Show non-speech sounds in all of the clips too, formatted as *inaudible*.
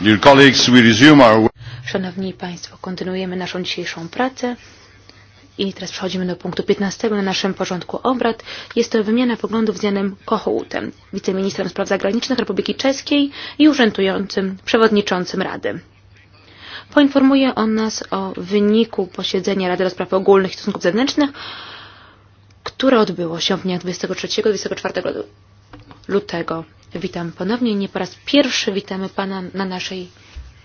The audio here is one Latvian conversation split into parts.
Dear colleagues, we resume our... Szanowni Państwo, kontynuujemy naszą dzisiejszą pracę. I teraz przechodzimy do punktu 15 na naszym porządku obrad. Jest to wymiana poglądów z Janem Kochołutem, wiceministrem spraw zagranicznych Republiki Czeskiej i urzędującym przewodniczącym Rady. Poinformuje on nas o wyniku posiedzenia Rady do Spraw Ogólnych i Stosunków Zewnętrznych które odbyło się w dniach 23-24 lutego. Witam ponownie, nie po raz pierwszy witamy Pana na naszej,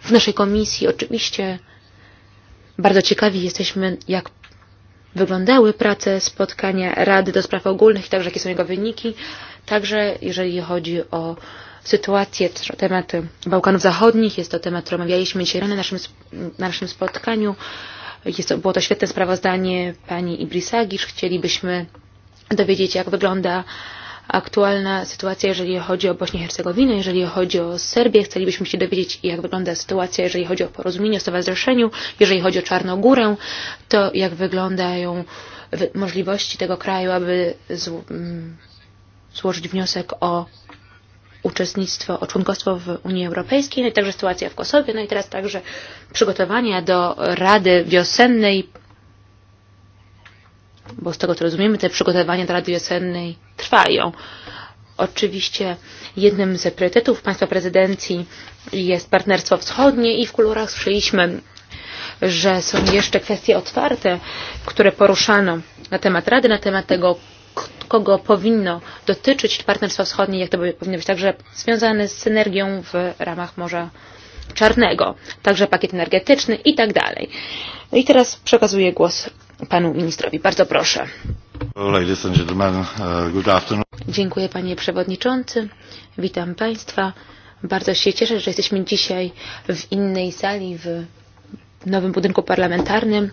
w naszej komisji. Oczywiście bardzo ciekawi jesteśmy, jak wyglądały prace, spotkania Rady do Spraw Ogólnych, także jakie są jego wyniki. Także jeżeli chodzi o sytuację, temat Bałkanów Zachodnich, jest to temat, który omawialiśmy dzisiaj rano na naszym, na naszym spotkaniu. Jest to, było to świetne sprawozdanie pani Ibrisagisz. Chcielibyśmy dowiedzieć, jak wygląda aktualna sytuacja, jeżeli chodzi o Bośnię i Hercegowinę, jeżeli chodzi o Serbię. Chcielibyśmy się dowiedzieć, jak wygląda sytuacja, jeżeli chodzi o porozumienie o stowarzyszeniu, jeżeli chodzi o Czarnogórę, to jak wyglądają możliwości tego kraju, aby mm, złożyć wniosek o uczestnictwo, o członkostwo w Unii Europejskiej, no i także sytuacja w Kosowie, no i teraz także przygotowania do Rady Wiosennej, bo z tego co rozumiemy, te przygotowania do Rady Wiosennej trwają. Oczywiście jednym z priorytetów państwa prezydencji jest partnerstwo wschodnie i w kolorach słyszeliśmy, że są jeszcze kwestie otwarte, które poruszano na temat Rady, na temat tego kogo powinno dotyczyć Partnerstwo Wschodnie, jak to powinno być także związane z synergią w ramach Morza Czarnego, także pakiet energetyczny i tak dalej. No i teraz przekazuję głos panu ministrowi. Bardzo proszę. Ladies and gentlemen, uh, good afternoon. Dziękuję panie przewodniczący. Witam państwa. Bardzo się cieszę, że jesteśmy dzisiaj w innej sali w nowym budynku parlamentarnym.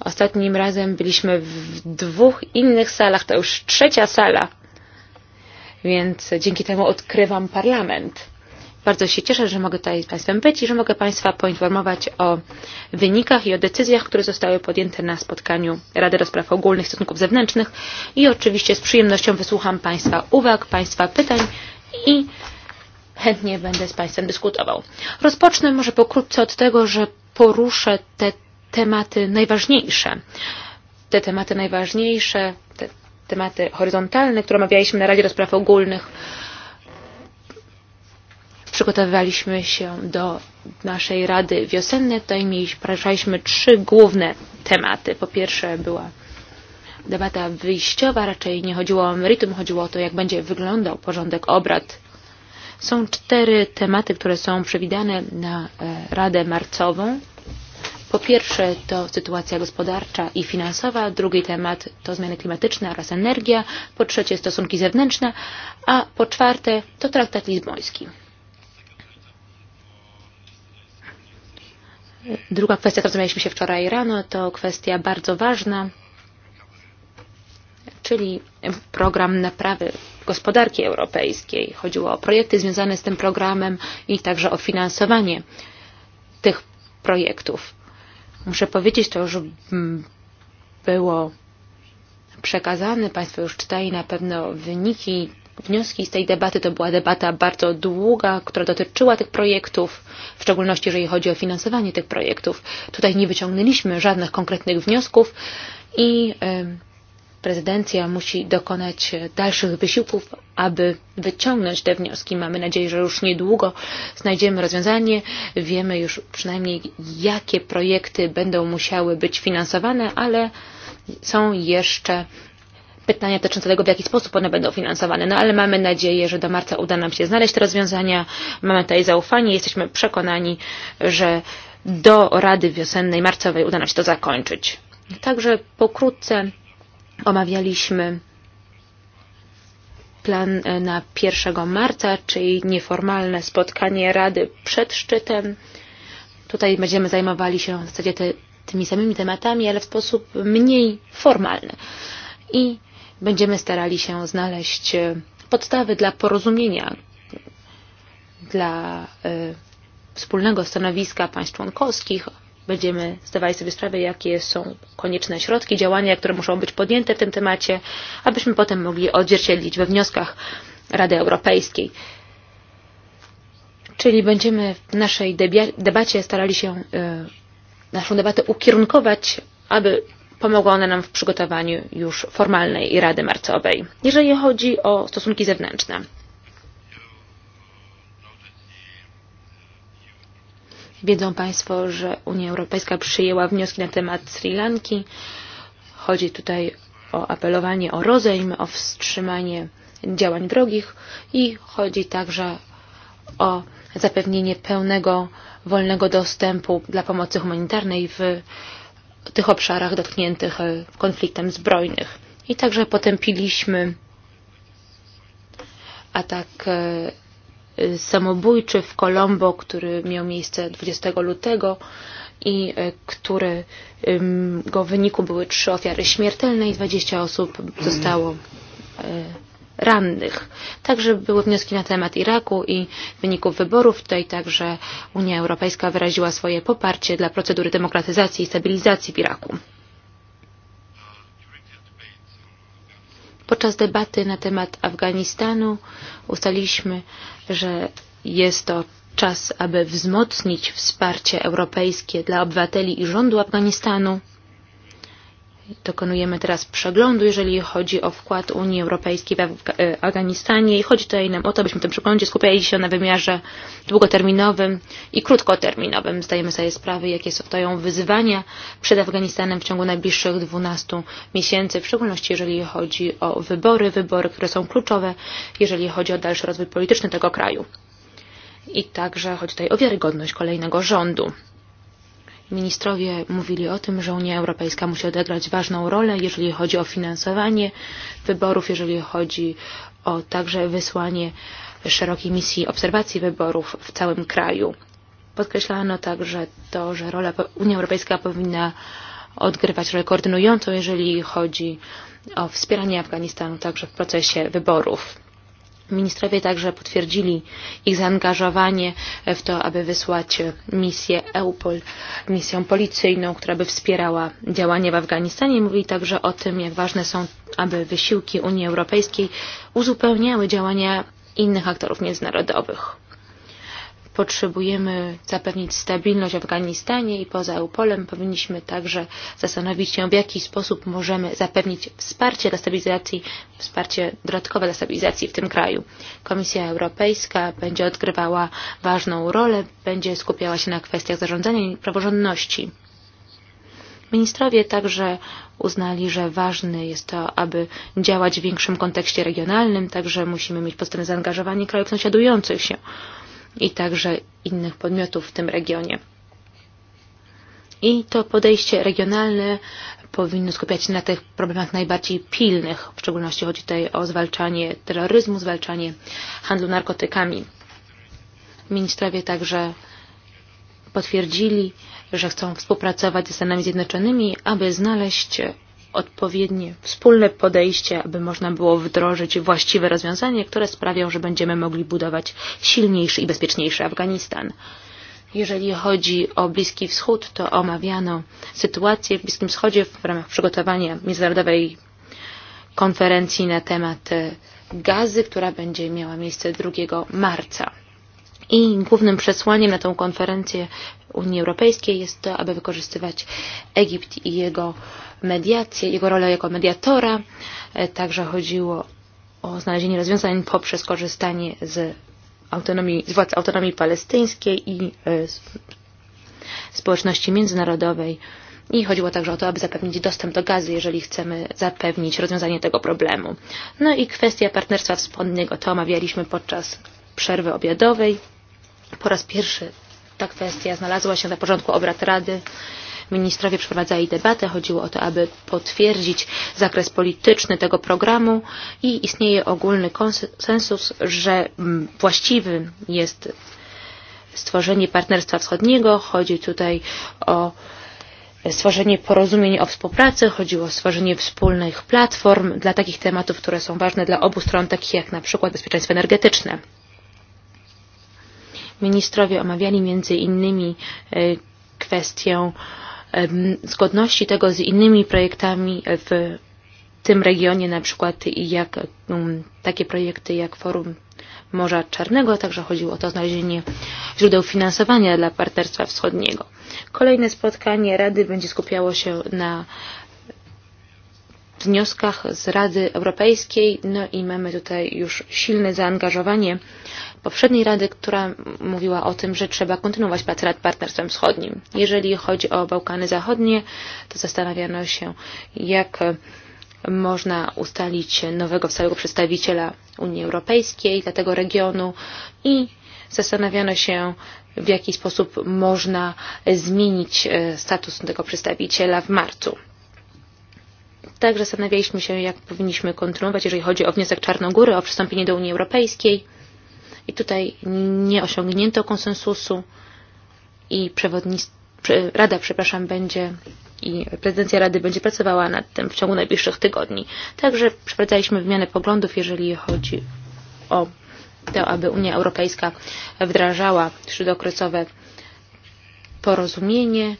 Ostatnim razem byliśmy w dwóch innych salach, to już trzecia sala, więc dzięki temu odkrywam parlament. Bardzo się cieszę, że mogę tutaj z Państwem być i że mogę Państwa poinformować o wynikach i o decyzjach, które zostały podjęte na spotkaniu Rady do Spraw Ogólnych Stosunków Zewnętrznych i oczywiście z przyjemnością wysłucham Państwa uwag, Państwa pytań i chętnie będę z Państwem dyskutował. Rozpocznę może pokrótce od tego, że poruszę te tematy najważniejsze. Te tematy najważniejsze, te tematy horyzontalne, które omawialiśmy na Radzie do Spraw Ogólnych, przygotowywaliśmy się do naszej Rady Wiosennej. Tutaj mieliśmy, poruszaliśmy trzy główne tematy. Po pierwsze była debata wyjściowa, raczej nie chodziło o emerytum, chodziło o to, jak będzie wyglądał porządek obrad. Są cztery tematy, które są przewidziane na e, Radę Marcową. Po pierwsze to sytuacja gospodarcza i finansowa, drugi temat to zmiany klimatyczne oraz energia, po trzecie stosunki zewnętrzne, a po czwarte to traktat lizboński. Druga kwestia, którą rozmawialiśmy się wczoraj rano, to kwestia bardzo ważna, czyli program naprawy gospodarki europejskiej. Chodziło o projekty związane z tym programem i także o finansowanie tych projektów przepowiedzi to już mm, było przekazane, Państwo już czytali na pewno wyniki, wnioski z tej debaty. To była debata bardzo długa, która dotyczyła tych projektów, w szczególności jeżeli chodzi o finansowanie tych projektów. Tutaj nie wyciągnęliśmy żadnych konkretnych wniosków i prezydencja musi dokonać dalszych wysiłków, aby wyciągnąć te wnioski. Mamy nadzieję, że już niedługo znajdziemy rozwiązanie. Wiemy już przynajmniej, jakie projekty będą musiały być finansowane, ale są jeszcze pytania dotyczące tego, w jaki sposób one będą finansowane. No ale mamy nadzieję, że do marca uda nam się znaleźć te rozwiązania. Mamy tutaj zaufanie. Jesteśmy przekonani, że do Rady Wiosennej Marcowej uda nam się to zakończyć. Także pokrótce omawialiśmy plan e, na 1 marca, czyli nieformalne spotkanie Rady przed szczytem. Tutaj będziemy zajmowali się w zasadzie te, tymi samymi tematami, ale w sposób mniej formalny. I będziemy starali się znaleźć e, podstawy dla porozumienia, dla y, e, wspólnego stanowiska państw członkowskich Będziemy zdawali sobie sprawę, jakie są konieczne środki, działania, które muszą być podjęte w tym temacie, abyśmy potem mogli odzwierciedlić we wnioskach Rady Europejskiej. Czyli będziemy w naszej debacie starali się y, e, naszą debatę ukierunkować, aby pomogła ona nam w przygotowaniu już formalnej Rady Marcowej. Jeżeli chodzi o stosunki zewnętrzne, Wiedzą Państwo, że Unia Europejska przyjęła wnioski na temat Sri Lanki. Chodzi tutaj o apelowanie o rozejm, o wstrzymanie działań wrogich i chodzi także o zapewnienie pełnego, wolnego dostępu dla pomocy humanitarnej w tych obszarach dotkniętych konfliktem zbrojnych. I także potępiliśmy atak e, samobójczy w Colombo, który miał miejsce 20 lutego i e, którego wyniku były trzy ofiary śmiertelne i 20 osób zostało e, rannych. Także były wnioski na temat Iraku i wyników wyborów. Tutaj także Unia Europejska wyraziła swoje poparcie dla procedury demokratyzacji i stabilizacji w Iraku. Podczas debaty na temat Afganistanu ustaliśmy, że jest to czas, aby wzmocnić wsparcie europejskie dla obywateli i rządu Afganistanu dokonujemy teraz przeglądu, jeżeli chodzi o wkład Unii Europejskiej w e, Afganistanie i chodzi tutaj nam o to, byśmy w tym przeglądzie skupiali się na wymiarze długoterminowym i krótkoterminowym. Zdajemy sobie sprawy, jakie stoją wyzwania przed Afganistanem w ciągu najbliższych 12 miesięcy, w szczególności jeżeli chodzi o wybory, wybory, które są kluczowe, jeżeli chodzi o dalszy rozwój polityczny tego kraju. I także chodzi tutaj o wiarygodność kolejnego rządu. Ministrowie mówili o tym, że Unia Europejska musi odegrać ważną rolę, jeżeli chodzi o finansowanie wyborów, jeżeli chodzi o także wysłanie szerokiej misji obserwacji wyborów w całym kraju. Podkreślano także to, że rola Unia Europejska powinna odgrywać rolę koordynującą, jeżeli chodzi o wspieranie Afganistanu także w procesie wyborów. Ministrowie także potwierdzili ich zaangażowanie w to, aby wysłać misję EUPOL, misją policyjną, która by wspierała działanie w Afganistanie. Mówili także o tym, jak ważne są, aby wysiłki Unii Europejskiej uzupełniały działania innych aktorów międzynarodowych. Potrzebujemy zapewnić stabilność w Afganistanie i poza EUPOL-em powinniśmy także zastanowić się, w jaki sposób możemy zapewnić wsparcie dla stabilizacji, wsparcie dodatkowe dla stabilizacji w tym kraju. Komisja Europejska będzie odgrywała ważną rolę, będzie skupiała się na kwestiach zarządzania i praworządności. Ministrowie także uznali, że ważne jest to, aby działać w większym kontekście regionalnym, także musimy mieć podstawę zaangażowanie krajów sąsiadujących się i także innych podmiotów w tym regionie. I to podejście regionalne powinno skupiać się na tych problemach najbardziej pilnych, w szczególności chodzi tutaj o zwalczanie terroryzmu, zwalczanie handlu narkotykami. Ministrowie także potwierdzili, że chcą współpracować ze Stanami Zjednoczonymi, aby znaleźć odpowiednie wspólne podejście, aby można było wdrożyć właściwe rozwiązanie, które sprawią, że będziemy mogli budować silniejszy i bezpieczniejszy Afganistan. Jeżeli chodzi o Bliski Wschód, to omawiano sytuację w Bliskim Wschodzie w ramach przygotowania międzynarodowej konferencji na temat e, gazy, która będzie miała miejsce 2 marca. I głównym przesłaniem na tą konferencję Unii Europejskiej jest to, aby wykorzystywać Egipt i jego mediację. Jego rolę jako mediatora. E, także chodziło o znalezienie rozwiązań poprzez korzystanie z autonomii, z władz autonomii palestyńskiej i e, społeczności międzynarodowej. I chodziło także o to, aby zapewnić dostęp do gazy, jeżeli chcemy zapewnić rozwiązanie tego problemu. No i kwestia partnerstwa wschodniego to omawialiśmy podczas przerwy obiadowej. Po raz pierwszy ta kwestia znalazła się na porządku obrad Rady Ministrowie przeprowadzali debatę. Chodziło o to, aby potwierdzić zakres polityczny tego programu i istnieje ogólny konsensus, że mm, właściwym jest stworzenie Partnerstwa Wschodniego. Chodzi tutaj o stworzenie porozumień o współpracy, chodziło o stworzenie wspólnych platform dla takich tematów, które są ważne dla obu stron, takich jak na przykład bezpieczeństwo energetyczne. Ministrowie omawiali między innymi e, kwestię zgodności tego z innymi projektami w tym regionie, na przykład jak takie projekty jak Forum Morza Czarnego, także chodziło o to znalezienie źródeł finansowania dla Partnerstwa Wschodniego. Kolejne spotkanie Rady będzie skupiało się na wnioskach z Rady Europejskiej. No i mamy tutaj już silne zaangażowanie poprzedniej Rady, która mówiła o tym, że trzeba kontynuować pracę nad Partnerstwem Wschodnim. Jeżeli chodzi o Bałkany Zachodnie, to zastanawiano się, jak można ustalić nowego stałego przedstawiciela Unii Europejskiej dla tego regionu i zastanawiano się, w jaki sposób można zmienić e, status tego przedstawiciela w marcu tak zastanawialiśmy się, jak powinniśmy kontynuować, jeżeli chodzi o wniosek Czarnogóry o przystąpienie do Unii Europejskiej. I tutaj nie osiągnięto konsensusu i przewodnictwo Rada, przepraszam, będzie i prezydencja Rady będzie pracowała nad tym w ciągu najbliższych tygodni. Także przeprowadzaliśmy wymianę poglądów, jeżeli chodzi o to, aby Unia Europejska wdrażała śródokresowe porozumienie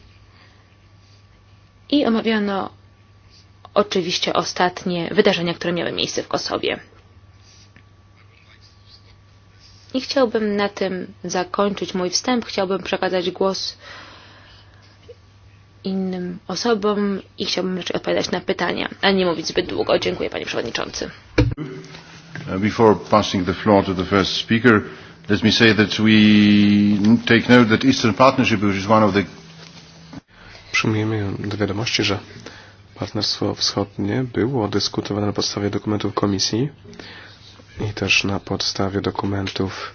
i omawiano oczywiście ostatnie wydarzenia, które miały miejsce w Kosowie. I chciałbym na tym zakończyć mój wstęp. Chciałbym przekazać głos innym osobom i chciałbym raczej odpowiadać na pytania, a nie mówić zbyt długo. Dziękuję Panie Przewodniczący. Uh, before passing the floor to the first speaker, let me say that we take note that Eastern Partnership, which is one of the... Przyjmujemy do wiadomości, że Partnerstwo Wschodnie było dyskutowane na podstawie dokumentów komisji i też na podstawie dokumentów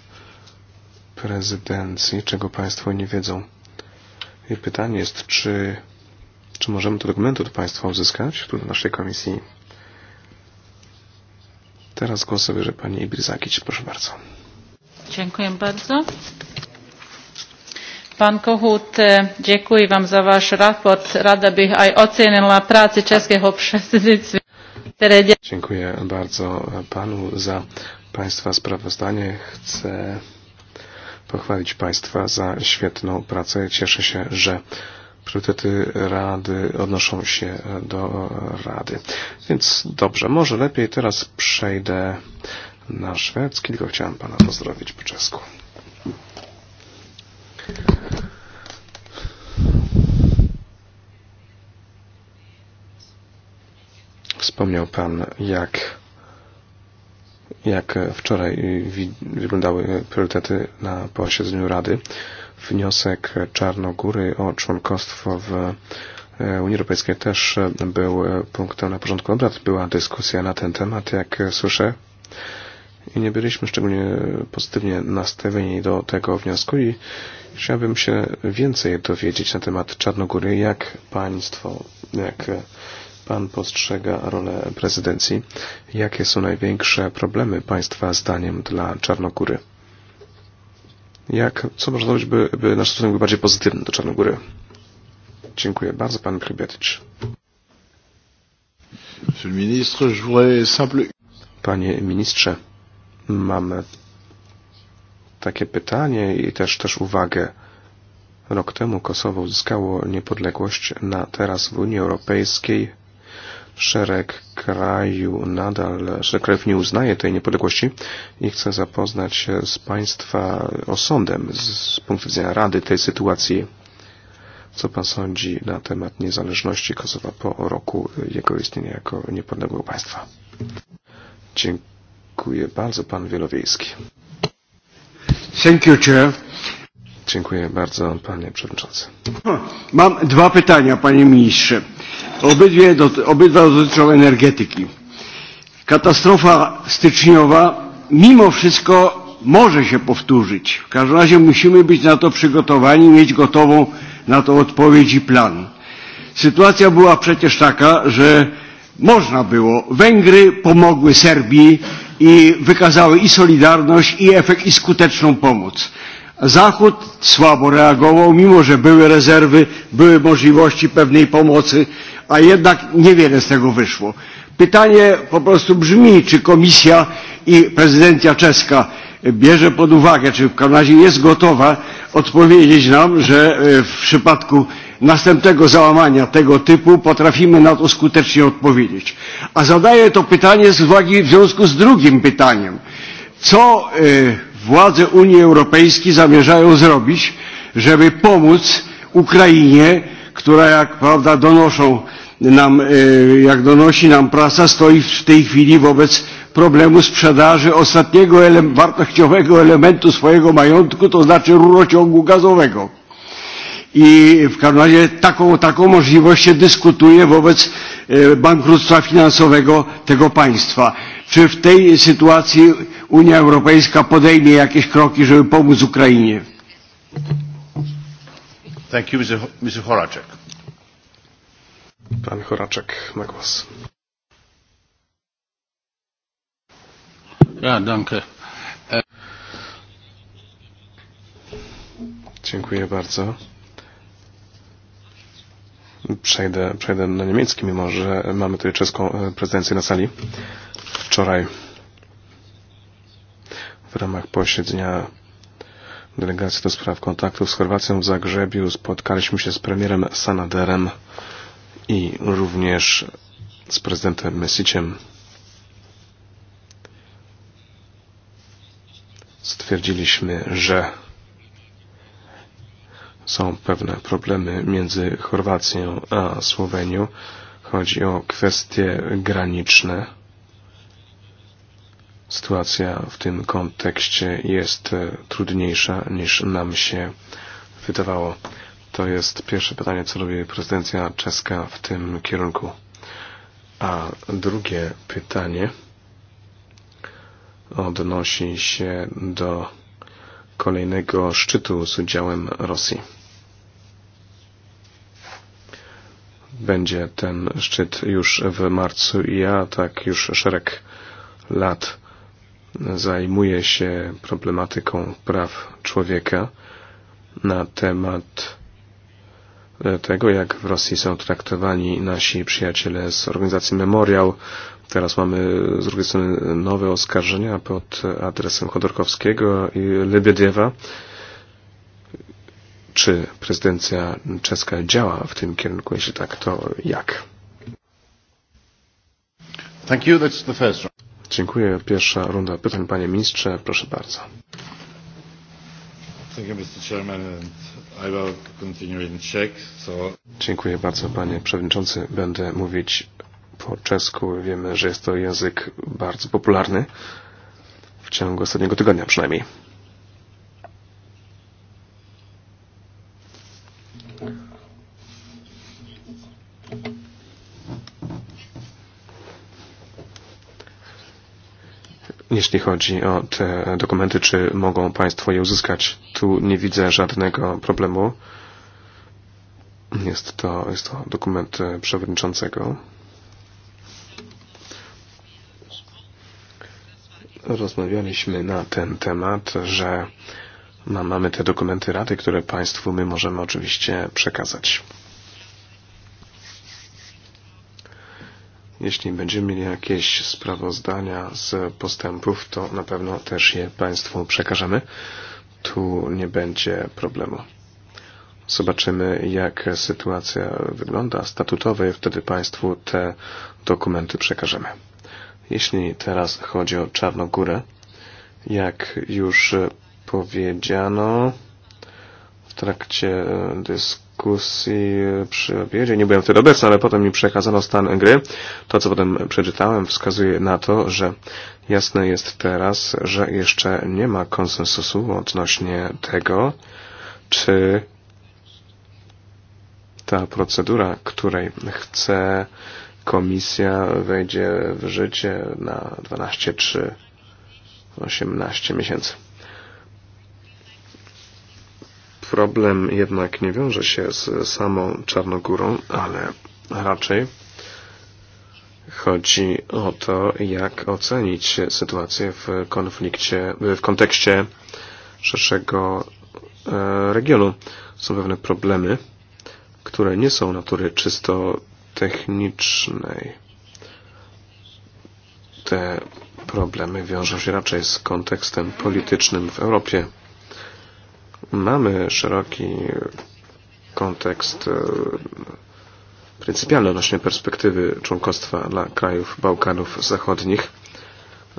prezydencji, czego Państwo nie wiedzą. I pytanie jest, czy, czy możemy te dokumenty od Państwa uzyskać tu na naszej komisji? Teraz głos zabierze Pani Ibrizakić. Proszę bardzo. Dziękuję bardzo. Pan Kohut, e, děkuji vám za váš rapport. Rada bych aj ocenila práci českého předsednictví. Které dě... Dziękuję bardzo panu za państwa sprawozdanie. Chcę pochwalić państwa za świetną pracę. Cieszę się, że priorytety Rady odnoszą się do Rady. Więc dobrze, może lepiej teraz przejdę na szwedzki, tylko chciałem Pana pozdrowić po czesku. Wspomniał Pan, jak, jak wczoraj wyglądały priorytety na posiedzeniu Rady. Wniosek Czarnogóry o członkostwo w e, Unii Europejskiej też był punktem na porządku obrad. Była dyskusja na ten temat, jak słyszę. I nie byliśmy szczególnie pozytywnie nastawieni do tego wniosku i chciałbym się więcej dowiedzieć na temat Czarnogóry, jak państwo, jak Pan postrzega rolę prezydencji. Jakie są największe problemy Państwa zdaniem dla Czarnogóry? Jak, co można zrobić, by, by nasz stosunek był bardziej pozytywny do Czarnogóry? Dziękuję bardzo, Pan Krybiatycz. Panie ministrze, mam takie pytanie i też też uwagę. Rok temu Kosowo uzyskało niepodległość, na teraz w Unii Europejskiej szereg kraju nadal, szereg krajów nie uznaje tej niepodległości i chce zapoznać się z Państwa osądem z punktu widzenia Rady tej sytuacji. Co Pan sądzi na temat niezależności Kosowa po roku jego istnienia jako niepodległego państwa? Dziękuję bardzo, Pan Wielowiejski. Thank you, Chair. Dziękuję bardzo, panie przewodniczący. Mam dwa pytania, panie ministrze. Obydwie dot, obydwa dotyczą energetyki. Katastrofa styczniowa mimo wszystko może się powtórzyć. W każdym razie musimy być na to przygotowani, mieć gotową na to odpowiedź i plan. Sytuacja była przecież taka, że można było. Węgry pomogły Serbii i wykazały i solidarność, i efekt, i skuteczną pomoc. Zachód słabo reagował, mimo że były rezerwy, były możliwości pewnej pomocy, a jednak niewiele z tego wyszło. Pytanie po prostu brzmi, czy Komisja i prezydencja czeska bierze pod uwagę, czy w każdym razie jest gotowa odpowiedzieć nam, że e, w przypadku następnego załamania tego typu potrafimy na to skutecznie odpowiedzieć. A zadaję to pytanie z uwagi w związku z drugim pytaniem. Co y, e, władze Unii Europejskiej zamierzają zrobić, żeby pomóc Ukrainie, która jak prawda donoszą nam, e, jak donosi nam prasa, stoi w tej chwili wobec problemu sprzedaży ostatniego ele wartościowego elementu swojego majątku, to znaczy rurociągu gazowego i w każdym razie taką, taką możliwość się dyskutuje wobec e, bankructwa finansowego tego państwa. Czy w tej sytuacji Unia Europejska podejmie jakieś kroki, żeby pomóc Ukrainie? Thank you, Mr. Horaczek. Pan Horaczek ma głos. Ja, danke. Dziękuję bardzo przejdę, przejdę na niemiecki, mimo że mamy tutaj czeską e, prezydencję na sali. Wczoraj w ramach posiedzenia delegacji do spraw kontaktów z Chorwacją w Zagrzebiu spotkaliśmy się z premierem Sanaderem i również z prezydentem Mesiciem. Stwierdziliśmy, że Są pewne problemy między Chorwacją a Słowenią. Chodzi o kwestie graniczne. Sytuacja w tym kontekście jest e, trudniejsza niż nam się wydawało. To jest pierwsze pytanie, co robi prezydencja czeska w tym kierunku. A drugie pytanie odnosi się do kolejnego szczytu z udziałem Rosji. będzie ten szczyt już w marcu i ja tak już szereg lat zajmuję się problematyką praw człowieka na temat tego, jak w Rosji są traktowani nasi przyjaciele z organizacji Memoriał. Teraz mamy z drugiej strony nowe oskarżenia pod adresem Chodorkowskiego i Lebediewa. Czy prezydencja czeska działa w tym kierunku? Jeśli tak, to jak? Thank you. That's the first round. Dziękuję. Pierwsza runda pytań, panie ministrze. Proszę bardzo. Thank you, Mr. Chairman, and I will continue in Czech, so... Dziękuję bardzo, panie przewodniczący. Będę mówić po czesku. Wiemy, że jest to język bardzo popularny w ciągu ostatniego tygodnia przynajmniej. jeśli chodzi o te dokumenty, czy mogą Państwo je uzyskać. Tu nie widzę żadnego problemu. Jest to, jest to dokument e, przewodniczącego. Rozmawialiśmy na ten temat, że mamy te dokumenty rady, które Państwu my możemy oczywiście przekazać. Jeśli będziemy mieli jakieś sprawozdania z postępów, to na pewno też je Państwu przekażemy. Tu nie będzie problemu. Zobaczymy, jak sytuacja wygląda statutowej, wtedy Państwu te dokumenty przekażemy. Jeśli teraz chodzi o Czarnogórę, jak już powiedziano w trakcie dyskusji, dyskusji przy obiedzie. Nie byłem wtedy obecny, ale potem mi przekazano stan gry. To, co potem przeczytałem, wskazuje na to, że jasne jest teraz, że jeszcze nie ma konsensusu odnośnie tego, czy ta procedura, której chce komisja, wejdzie w życie na 12 czy 18 miesięcy problem jednak nie wiąże się z samą Czarnogórą, ale raczej chodzi o to, jak ocenić sytuację w konflikcie, w kontekście szerszego e, regionu. Są pewne problemy, które nie są natury czysto technicznej. Te problemy wiążą się raczej z kontekstem politycznym w Europie. Mamy szeroki kontekst e, pryncypialny odnośnie perspektywy członkostwa dla krajów Bałkanów Zachodnich,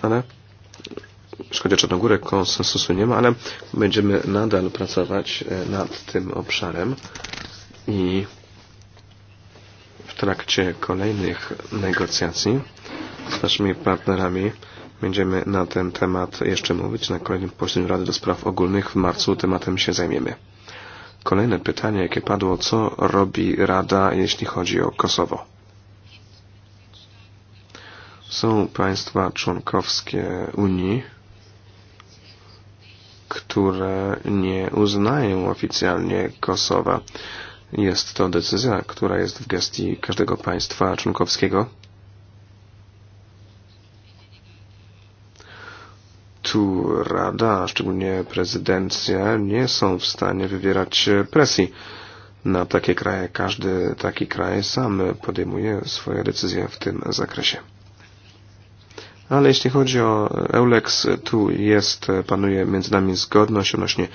ale jeśli chodzi o Czarnogórę, konsensusu nie ma, ale będziemy nadal pracować e, nad tym obszarem i w trakcie kolejnych negocjacji z naszymi partnerami Będziemy na ten temat jeszcze mówić na kolejnym posiedzeniu Rady do Spraw Ogólnych. W marcu tematem się zajmiemy. Kolejne pytanie, jakie padło, co robi Rada, jeśli chodzi o Kosowo? Są państwa członkowskie Unii, które nie uznają oficjalnie Kosowa. Jest to decyzja, która jest w gestii każdego państwa członkowskiego Komisarzu Rada, a szczególnie prezydencja, nie są w stanie wywierać presji na takie kraje. Każdy taki kraj sam podejmuje swoje decyzje w tym zakresie. Ale jeśli chodzi o Eulex, tu jest, panuje między nami zgodność odnośnie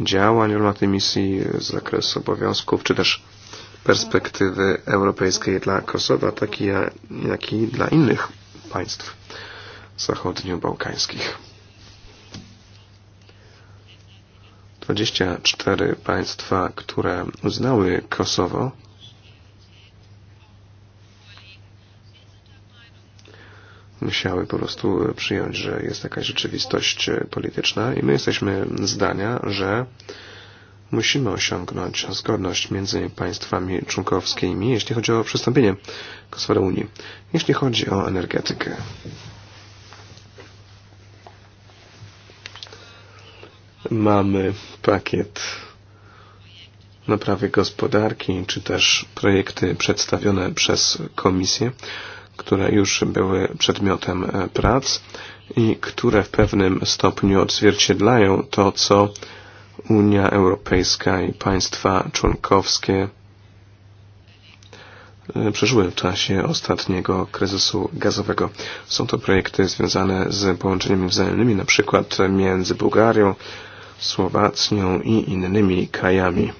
działań w ramach tej misji, zakresu obowiązków, czy też perspektywy europejskiej dla Kosowa, taki jak i dla innych państw zachodnio-bałkańskich. 24 państwa, które uznały Kosowo, musiały po prostu przyjąć, że jest jakaś rzeczywistość polityczna i my jesteśmy zdania, że musimy osiągnąć zgodność między państwami członkowskimi, jeśli chodzi o przystąpienie Kosowa do Unii, jeśli chodzi o energetykę. mamy pakiet naprawy gospodarki, czy też projekty przedstawione przez komisję, które już były przedmiotem e, prac i które w pewnym stopniu odzwierciedlają to, co Unia Europejska i państwa członkowskie e, przeżyły w czasie ostatniego kryzysu gazowego. Są to projekty związane z połączeniami wzajemnymi, na przykład między Bułgarią, Słowacją i innymi krajami.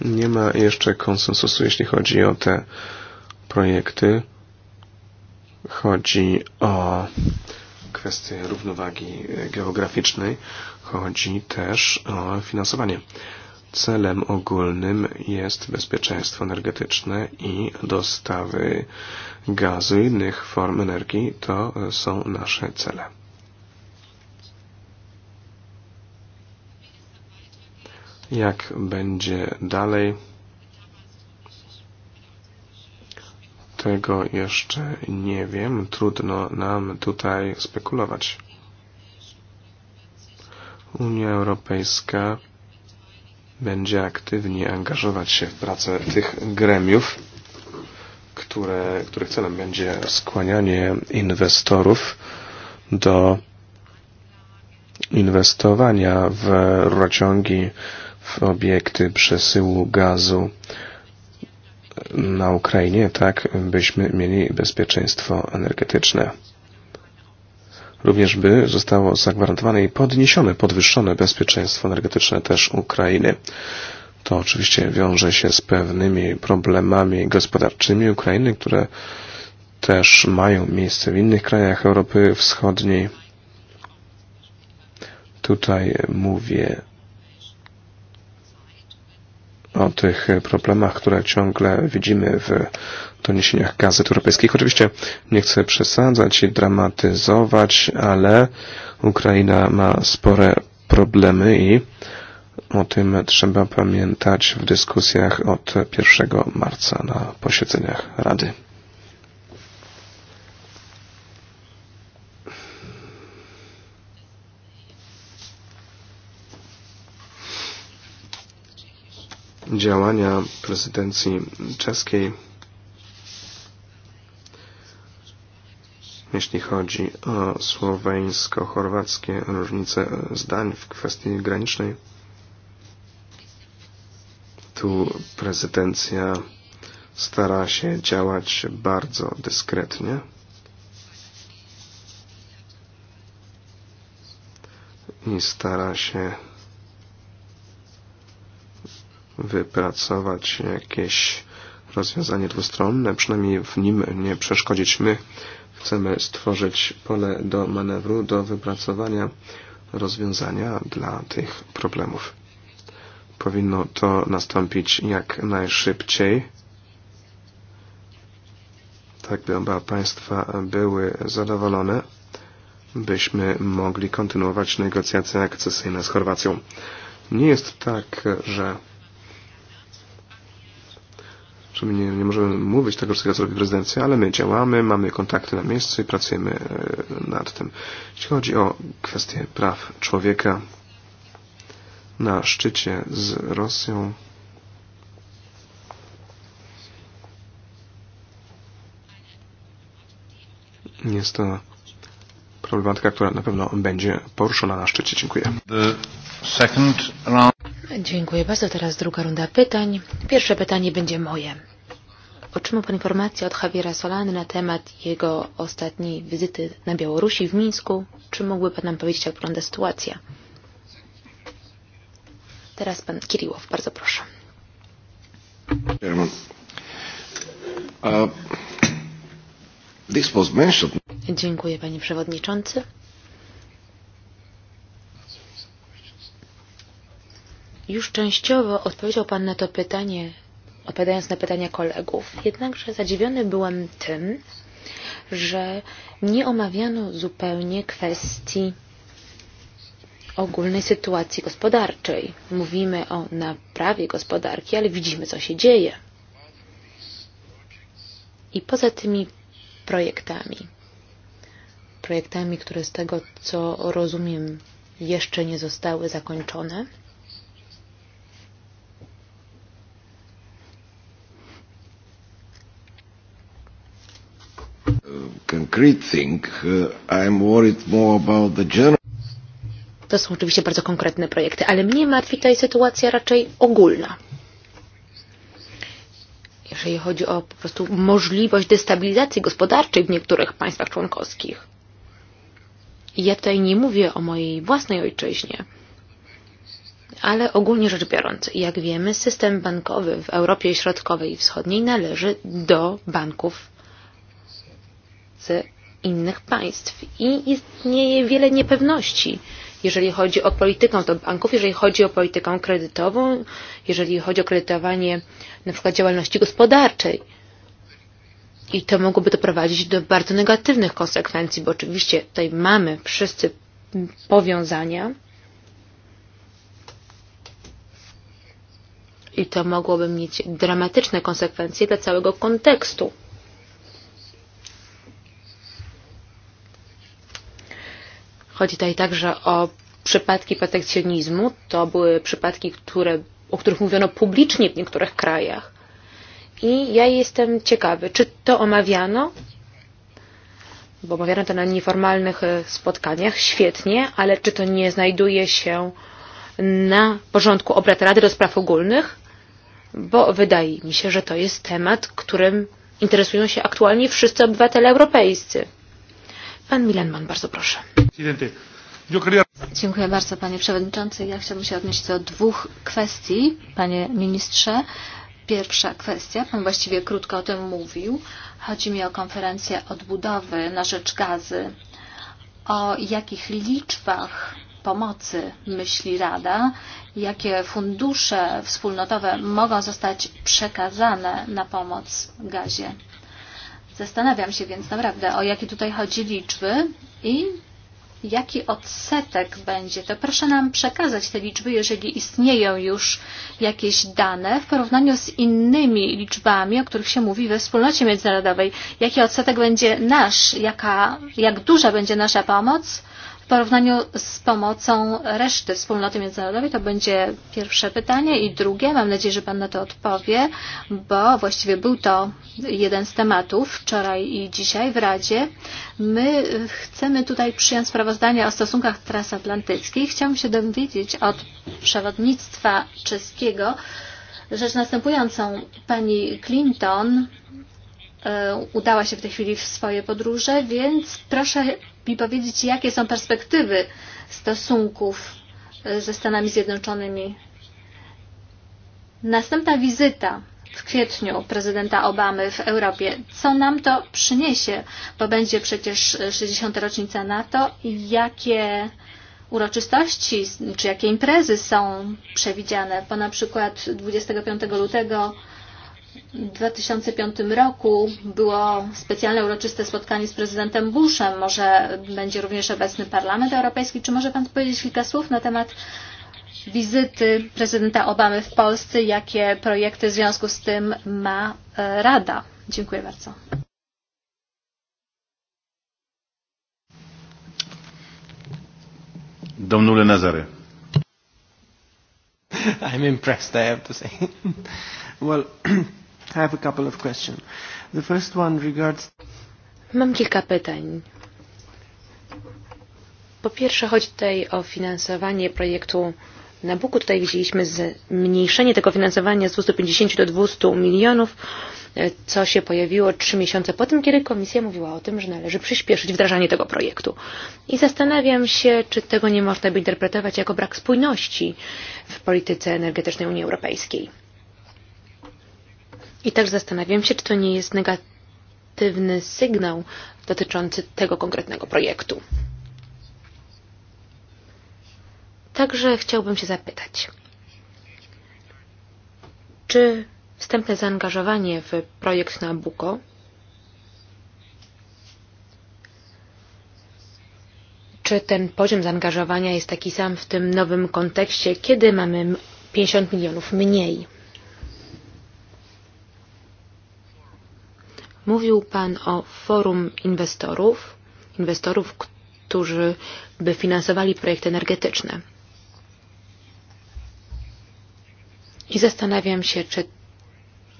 Nie ma jeszcze konsensusu, jeśli chodzi o te projekty. Chodzi o kwestię równowagi geograficznej, chodzi też o finansowanie. Celem ogólnym jest bezpieczeństwo energetyczne i dostawy gazu i innych form energii. To są nasze cele. jak będzie dalej. Tego jeszcze nie wiem. Trudno nam tutaj spekulować. Unia Europejska będzie aktywnie angażować się w pracę tych gremiów, które, których celem będzie skłanianie inwestorów do inwestowania w rurociągi w obiekty przesyłu gazu na Ukrainie, tak byśmy mieli bezpieczeństwo energetyczne. Również by zostało zagwarantowane i podniesione, podwyższone bezpieczeństwo energetyczne też Ukrainy. To oczywiście wiąże się z pewnymi problemami gospodarczymi Ukrainy, które też mają miejsce w innych krajach Europy Wschodniej. Tutaj mówię o tych problemach, które ciągle widzimy w doniesieniach gazet europejskich. Oczywiście nie chcę przesadzać i dramatyzować, ale Ukraina ma spore problemy i o tym trzeba pamiętać w dyskusjach od 1 marca na posiedzeniach Rady. działania prezydencji czeskiej, jeśli chodzi o słoweńsko-chorwackie różnice zdań w kwestii granicznej. Tu prezydencja stara się działać bardzo dyskretnie. I stara się wypracować jakieś rozwiązanie dwustronne, przynajmniej w nim nie przeszkodzić my. Chcemy stworzyć pole do manewru, do wypracowania rozwiązania dla tych problemów. Powinno to nastąpić jak najszybciej, tak by oba państwa były zadowolone, byśmy mogli kontynuować negocjacje akcesyjne z Chorwacją. Nie jest tak, że w sumie nie, nie możemy mówić tego wszystkiego, co robi prezydencja, ale my działamy, mamy kontakty na miejscu i pracujemy e, nad tym. Jeśli chodzi o kwestie praw człowieka na szczycie z Rosją, jest to problematyka, która na pewno będzie poruszona na szczycie. Dziękuję. Dziękuję bardzo. Teraz druga runda pytań. Pierwsze pytanie będzie moje. Otrzymał Pan informację od Javiera Solany na temat jego ostatniej wizyty na Białorusi, w Mińsku. Czy mógłby Pan nam powiedzieć, jak wygląda sytuacja? Teraz Pan Kiriłow, bardzo proszę. Uh, this was mentioned. Dziękuję Panie Przewodniczący. Już częściowo odpowiedział Pan na to pytanie odpowiadając na pytania kolegów. Jednakże zadziwiony byłem tym, że nie omawiano zupełnie kwestii ogólnej sytuacji gospodarczej. Mówimy o naprawie gospodarki, ale widzimy, co się dzieje. I poza tymi projektami, projektami, które z tego, co rozumiem, jeszcze nie zostały zakończone, concrete thing. Uh, I'm worried more about the general. To są oczywiście bardzo konkretne projekty, ale mnie martwi tutaj sytuacja raczej ogólna. Jeżeli chodzi o po prostu możliwość destabilizacji gospodarczej w niektórych państwach członkowskich. I ja tutaj nie mówię o mojej własnej ojczyźnie, ale ogólnie rzecz biorąc, jak wiemy, system bankowy w Europie Środkowej i Wschodniej należy do banków innych państw i istnieje wiele niepewności, jeżeli chodzi o politykę do banków, jeżeli chodzi o politykę kredytową, jeżeli chodzi o kredytowanie na przykład działalności gospodarczej. I to mogłoby doprowadzić do bardzo negatywnych konsekwencji, bo oczywiście tutaj mamy wszyscy powiązania i to mogłoby mieć dramatyczne konsekwencje dla całego kontekstu Chodzi tutaj także o przypadki protekcjonizmu. To były przypadki, które, o których mówiono publicznie w niektórych krajach. I ja jestem ciekawy, czy to omawiano, bo omawiano to na nieformalnych e, spotkaniach, świetnie, ale czy to nie znajduje się na porządku obrad Rady do Spraw Ogólnych? Bo wydaje mi się, że to jest temat, którym interesują się aktualnie wszyscy obywatele europejscy. Pan Milenman, bardzo proszę. Dziękuję bardzo, panie przewodniczący. Ja chciałbym się odnieść do dwóch kwestii, panie ministrze. Pierwsza kwestia, pan właściwie krótko o tym mówił. Chodzi mi o konferencję odbudowy na rzecz gazy. O jakich liczbach pomocy myśli Rada? Jakie fundusze wspólnotowe mogą zostać przekazane na pomoc gazie? Zastanawiam się więc naprawdę, o jakie tutaj chodzi liczby i jaki odsetek będzie. To proszę nam przekazać te liczby, jeżeli istnieją już jakieś dane w porównaniu z innymi liczbami, o których się mówi we wspólnocie międzynarodowej. Jaki odsetek będzie nasz, jaka, jak duża będzie nasza pomoc porównaniu z pomocą reszty wspólnoty międzynarodowej? To będzie pierwsze pytanie. I drugie, mam nadzieję, że Pan na to odpowie, bo właściwie był to jeden z tematów wczoraj i dzisiaj w Radzie. My chcemy tutaj przyjąć sprawozdanie o stosunkach transatlantyckich. Chciałam się dowiedzieć od przewodnictwa czeskiego rzecz następującą. Pani Clinton e, udała się w tej chwili w swoje podróże, więc proszę mi powiedzieć, jakie są perspektywy stosunków e, ze Stanami Zjednoczonymi. Następna wizyta w kwietniu prezydenta Obamy w Europie. Co nam to przyniesie? Bo będzie przecież 60. E, rocznica NATO i jakie uroczystości czy jakie imprezy są przewidziane, bo na przykład 25 lutego W 2005 roku było specjalne uroczyste spotkanie z prezydentem Bushem. Może będzie również obecny Parlament Europejski. Czy może Pan powiedzieć kilka słów na temat wizyty prezydenta Obamy w Polsce? Jakie projekty w związku z tym ma e, Rada? Dziękuję bardzo. Domnule Nazare. *laughs* I'm impressed, I have to say. *laughs* well, *clears throat* I have a couple of questions. The first one regards... Mam kilka pytań. Po pierwsze chodzi tutaj o finansowanie projektu Nabuku. Tutaj widzieliśmy zmniejszenie tego finansowania z 250 do 200 milionów, e, co się pojawiło trzy miesiące po tym, kiedy komisja mówiła o tym, że należy przyspieszyć wdrażanie tego projektu. I zastanawiam się, czy tego nie można by interpretować jako brak spójności w polityce energetycznej Unii Europejskiej. I tak zastanawiam się, czy to nie jest negatywny sygnał dotyczący tego konkretnego projektu. Także chciałbym się zapytać, czy wstępne zaangażowanie w projekt Nabucco czy ten poziom zaangażowania jest taki sam w tym nowym kontekście, kiedy mamy 50 milionów mniej Mówił Pan o forum inwestorów, inwestorów, którzy by finansowali projekty energetyczne. I zastanawiam się, czy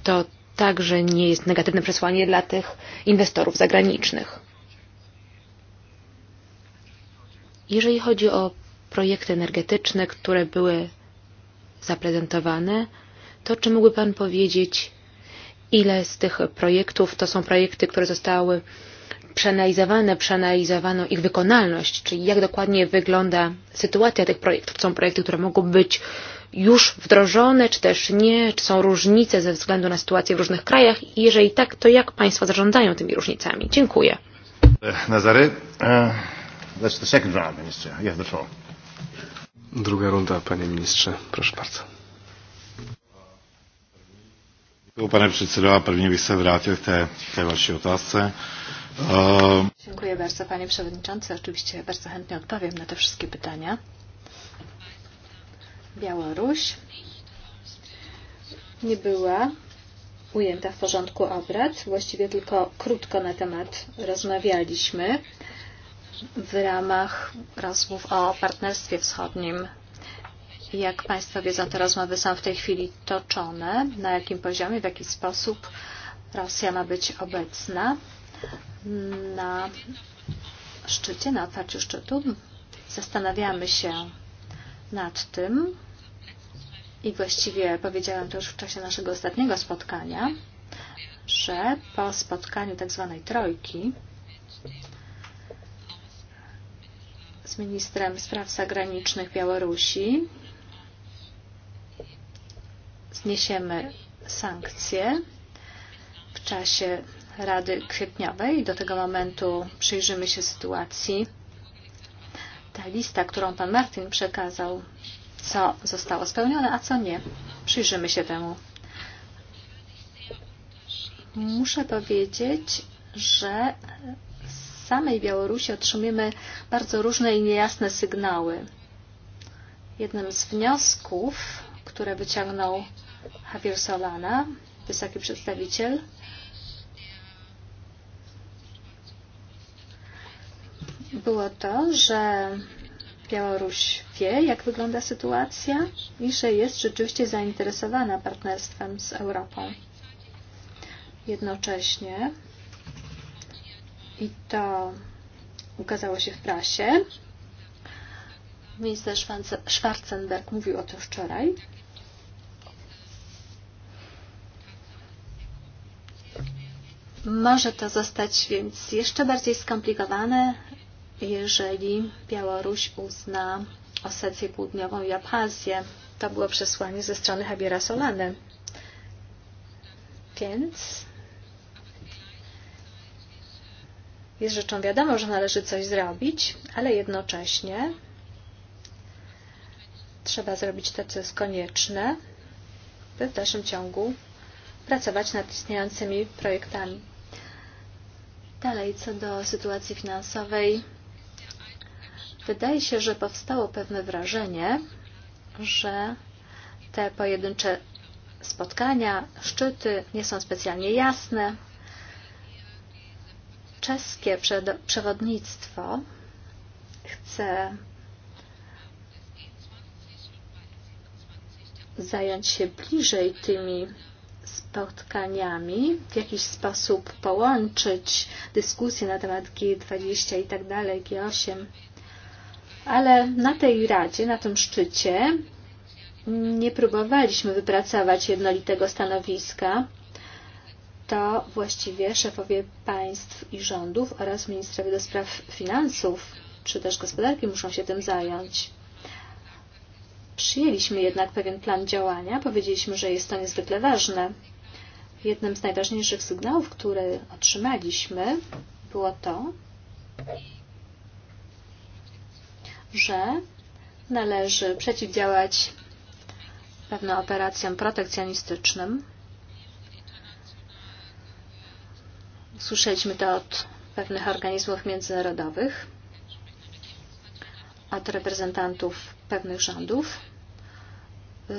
to także nie jest negatywne przesłanie dla tych inwestorów zagranicznych. Jeżeli chodzi o projekty energetyczne, które były zaprezentowane, to czy mógłby Pan powiedzieć, ile z tych projektów to są projekty, które zostały przeanalizowane, przeanalizowano ich wykonalność, czyli jak dokładnie wygląda sytuacja tych projektów. Są projekty, które mogą być już wdrożone, czy też nie, czy są różnice ze względu na sytuację w różnych krajach i jeżeli tak, to jak Państwo zarządzają tymi różnicami? Dziękuję. E, Nazary, uh, that's the second round, minister. You have the floor. Druga runda, panie ministrze. Proszę bardzo. Děkuji, pane předsedo, a první bych se vrátil k té, k té vaší otázce. Uh... Dziękuję bardzo, panie przewodniczący. Oczywiście bardzo chętnie odpowiem na te wszystkie pytania. Białoruś nie była ujęta w porządku obrad. Właściwie tylko krótko na temat rozmawialiśmy w ramach rozmów o partnerstwie wschodnim Jak Państwo wiedzą, te rozmowy są w tej chwili toczone. Na jakim poziomie, w jaki sposób Rosja ma być obecna na szczycie, na otwarciu szczytu. Zastanawiamy się nad tym i właściwie powiedziałem to już w czasie naszego ostatniego spotkania, że po spotkaniu tak zwanej trojki z ministrem spraw zagranicznych Białorusi zniesiemy sankcje w czasie Rady Kwietniowej. Do tego momentu przyjrzymy się sytuacji. Ta lista, którą pan Martin przekazał, co zostało spełnione, a co nie. Przyjrzymy się temu. Muszę powiedzieć, że z samej Białorusi otrzymujemy bardzo różne i niejasne sygnały. Jednym z wniosków, które wyciągnął Javier Solana, wysoki przedstawiciel. Było to, że Białoruś wie, jak wygląda sytuacja i że jest rzeczywiście zainteresowana partnerstwem z Europą. Jednocześnie i to ukazało się w prasie. Minister Schwarzenberg mówił o tym wczoraj. może to zostać więc jeszcze bardziej skomplikowane, jeżeli Białoruś uzna Osecję Południową i Abchazję. To było przesłanie ze strony Habiera Solany. Więc jest rzeczą wiadomo, że należy coś zrobić, ale jednocześnie trzeba zrobić to, co jest konieczne, by w dalszym ciągu pracować nad istniejącymi projektami. Dalej, co do sytuacji finansowej, wydaje się, że powstało pewne wrażenie, że te pojedyncze spotkania, szczyty nie są specjalnie jasne. Czeskie przewodnictwo chce zająć się bliżej tymi spotkaniami, w jakiś sposób połączyć dyskusje na temat G20 i tak dalej, G8. Ale na tej radzie, na tym szczycie nie próbowaliśmy wypracować jednolitego stanowiska. To właściwie szefowie państw i rządów oraz ministrowie do spraw finansów czy też gospodarki muszą się tym zająć. Przyjęliśmy jednak pewien plan działania, powiedzieliśmy, że jest to niezwykle ważne. Jednym z najważniejszych sygnałów, które otrzymaliśmy, było to, że należy przeciwdziałać pewnym operacjom protekcjonistycznym. Słyszeliśmy to od pewnych organizmów międzynarodowych, od reprezentantów pewnych rządów.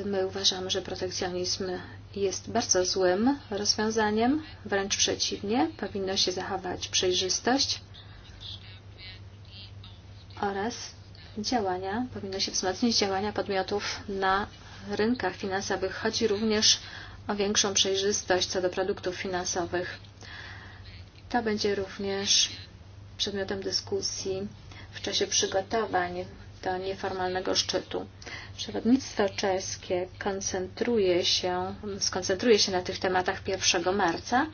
My uważamy, że protekcjonizm jest bardzo złym rozwiązaniem, wręcz przeciwnie, powinno się zachować przejrzystość oraz działania, powinno się wzmocnić działania podmiotów na rynkach finansowych. Chodzi również o większą przejrzystość co do produktów finansowych. To będzie również przedmiotem dyskusji w czasie przygotowań nieformalnego szczytu. Przewodnictwo czeskie koncentruje się, skoncentruje się na tych tematach 1 marca.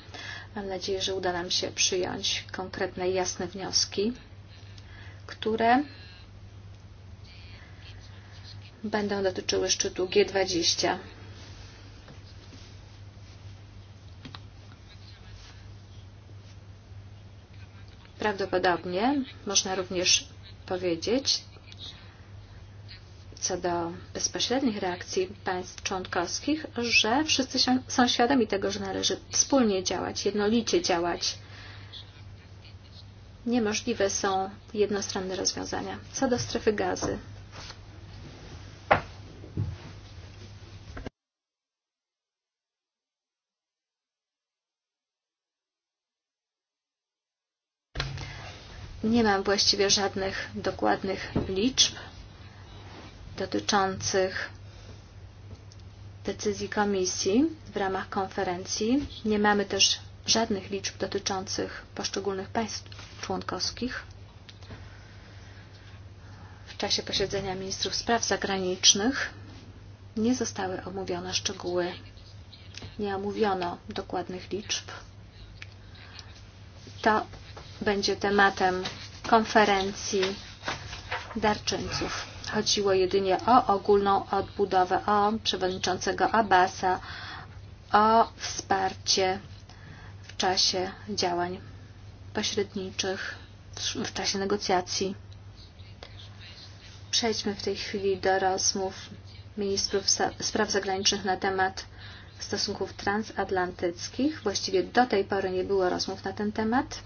Mam nadzieję, że uda nam się przyjąć konkretne i jasne wnioski, które będą dotyczyły szczytu G20. Prawdopodobnie można również powiedzieć, co do bezpośrednich reakcji państw członkowskich, że wszyscy są świadomi tego, że należy wspólnie działać, jednolicie działać. Niemożliwe są jednostronne rozwiązania. Co do strefy gazy. Nie mam właściwie żadnych dokładnych liczb dotyczących decyzji komisji w ramach konferencji. Nie mamy też żadnych liczb dotyczących poszczególnych państw członkowskich. W czasie posiedzenia ministrów spraw zagranicznych nie zostały omówione szczegóły, nie omówiono dokładnych liczb. To będzie tematem konferencji darczyńców. Chodziło jedynie o ogólną odbudowę, o przewodniczącego Abasa, o wsparcie w czasie działań pośredniczych, w czasie negocjacji. Przejdźmy w tej chwili do rozmów ministrów spraw zagranicznych na temat stosunków transatlantyckich. Właściwie do tej pory nie było rozmów na ten temat.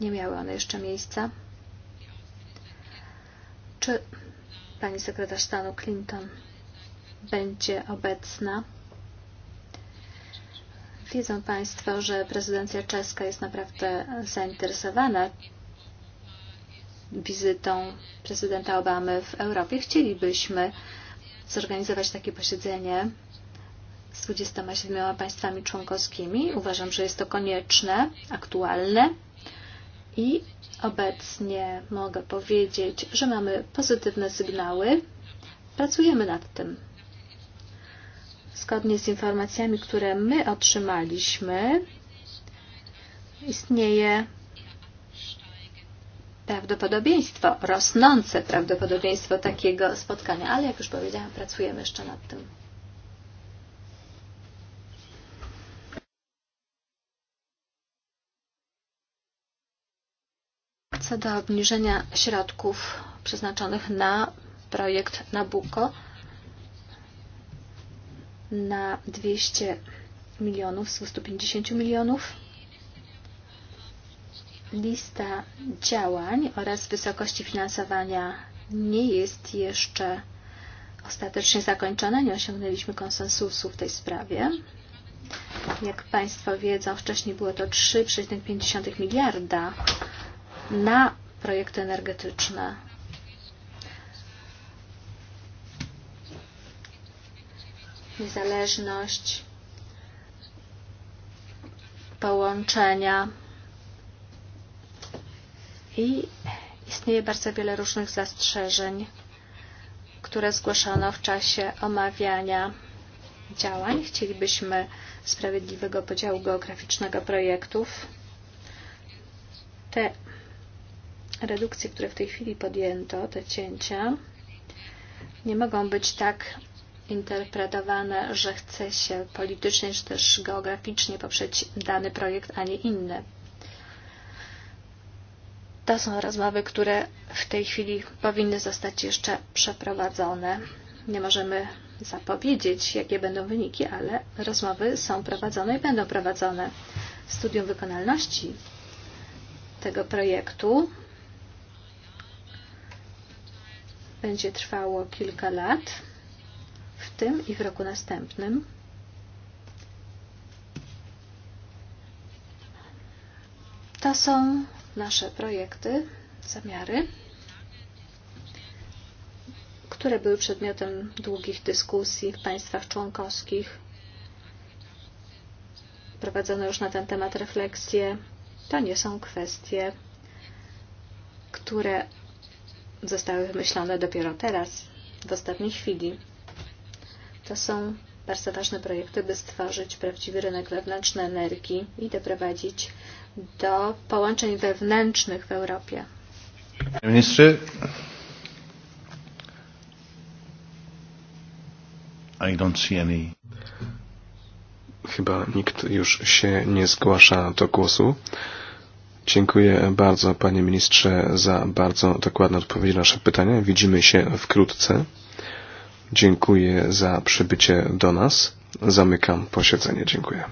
Nie miały one jeszcze miejsca. Czy Pani sekretarz stanu Clinton będzie obecna. Wiedzą Państwo, że prezydencja czeska jest naprawdę zainteresowana wizytą prezydenta Obamy w Europie. Chcielibyśmy zorganizować takie posiedzenie z 27 państwami członkowskimi. Uważam, że jest to konieczne, aktualne I obecnie mogę powiedzieć, że mamy pozytywne sygnały. Pracujemy nad tym. Zgodnie z informacjami, które my otrzymaliśmy, istnieje prawdopodobieństwo, rosnące prawdopodobieństwo takiego spotkania, ale jak już powiedziałam, pracujemy jeszcze nad tym. Zasada obniżenia środków przeznaczonych na projekt Nabucco na 200 milionów z 150 milionów. Lista działań oraz wysokości finansowania nie jest jeszcze ostatecznie zakończona. Nie osiągnęliśmy konsensusu w tej sprawie. Jak Państwo wiedzą, wcześniej było to 3,5 miliarda na projekty energetyczne. Niezależność połączenia i istnieje bardzo wiele różnych zastrzeżeń, które zgłoszono w czasie omawiania działań. Chcielibyśmy sprawiedliwego podziału geograficznego projektów. Te redukcje, które w tej chwili podjęto, te cięcia, nie mogą być tak interpretowane, że chce się politycznie czy też geograficznie poprzeć dany projekt, a nie inny. To są rozmowy, które w tej chwili powinny zostać jeszcze przeprowadzone. Nie możemy zapowiedzieć, jakie będą wyniki, ale rozmowy są prowadzone i będą prowadzone. Studium wykonalności tego projektu będzie trwało kilka lat, w tym i w roku następnym. To są nasze projekty, zamiary, które były przedmiotem długich dyskusji w państwach członkowskich. Prowadzono już na ten temat refleksje. To nie są kwestie, które zostały wymyślone dopiero teraz, w ostatniej chwili. To są bardzo ważne projekty, by stworzyć prawdziwy rynek wewnętrzny energii i doprowadzić do połączeń wewnętrznych w Europie. Panie ministrze, I don't see any. Chyba nikt już się nie zgłasza do głosu. Dziękuję bardzo, panie ministrze, za bardzo dokładne odpowiedzi na nasze pytania. Widzimy się wkrótce. Dziękuję za przybycie do nas. Zamykam posiedzenie. Dziękuję.